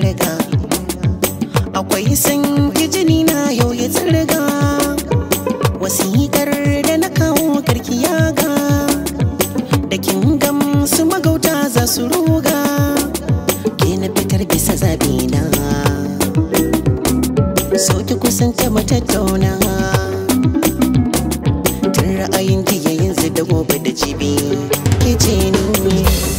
tsirga akwai san jini na yau ya tsirga wasikar da na kawo karki ga. da kin gamsu magauta za su ruga ke na fitar bisa zabina sauki kusanta tauna tun ra'ayin jiya yanzu da gobe da jibi ke ce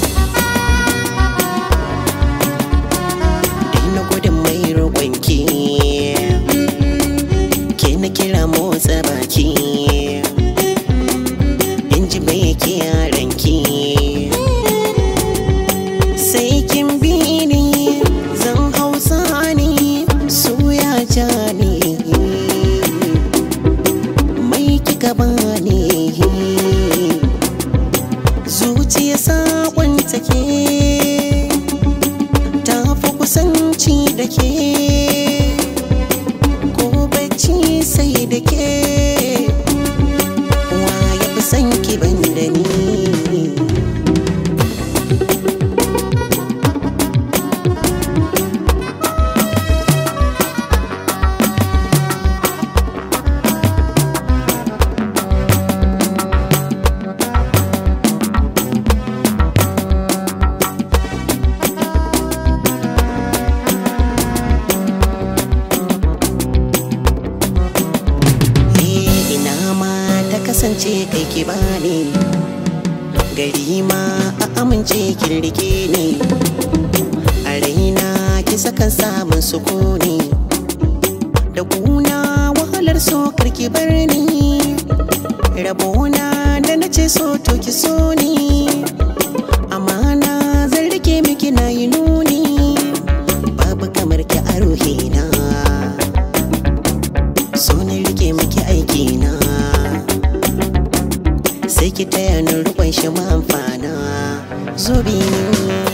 motsa baki in ji bai yake yaranki sai kin bi ni zan hausa ni suya ja ni mai kika ne zuciya sakon take ta fi kusanci da ke ko bacci sai da ke kasance kai ke bani gari ma a amince kirrike ne a raina ki sakan samun sukuni da kuna wahalar so karki bar ni rabona da na ce so to ki so ni amana zan rike miki na yi nuna ki taya ni shi mafana zubi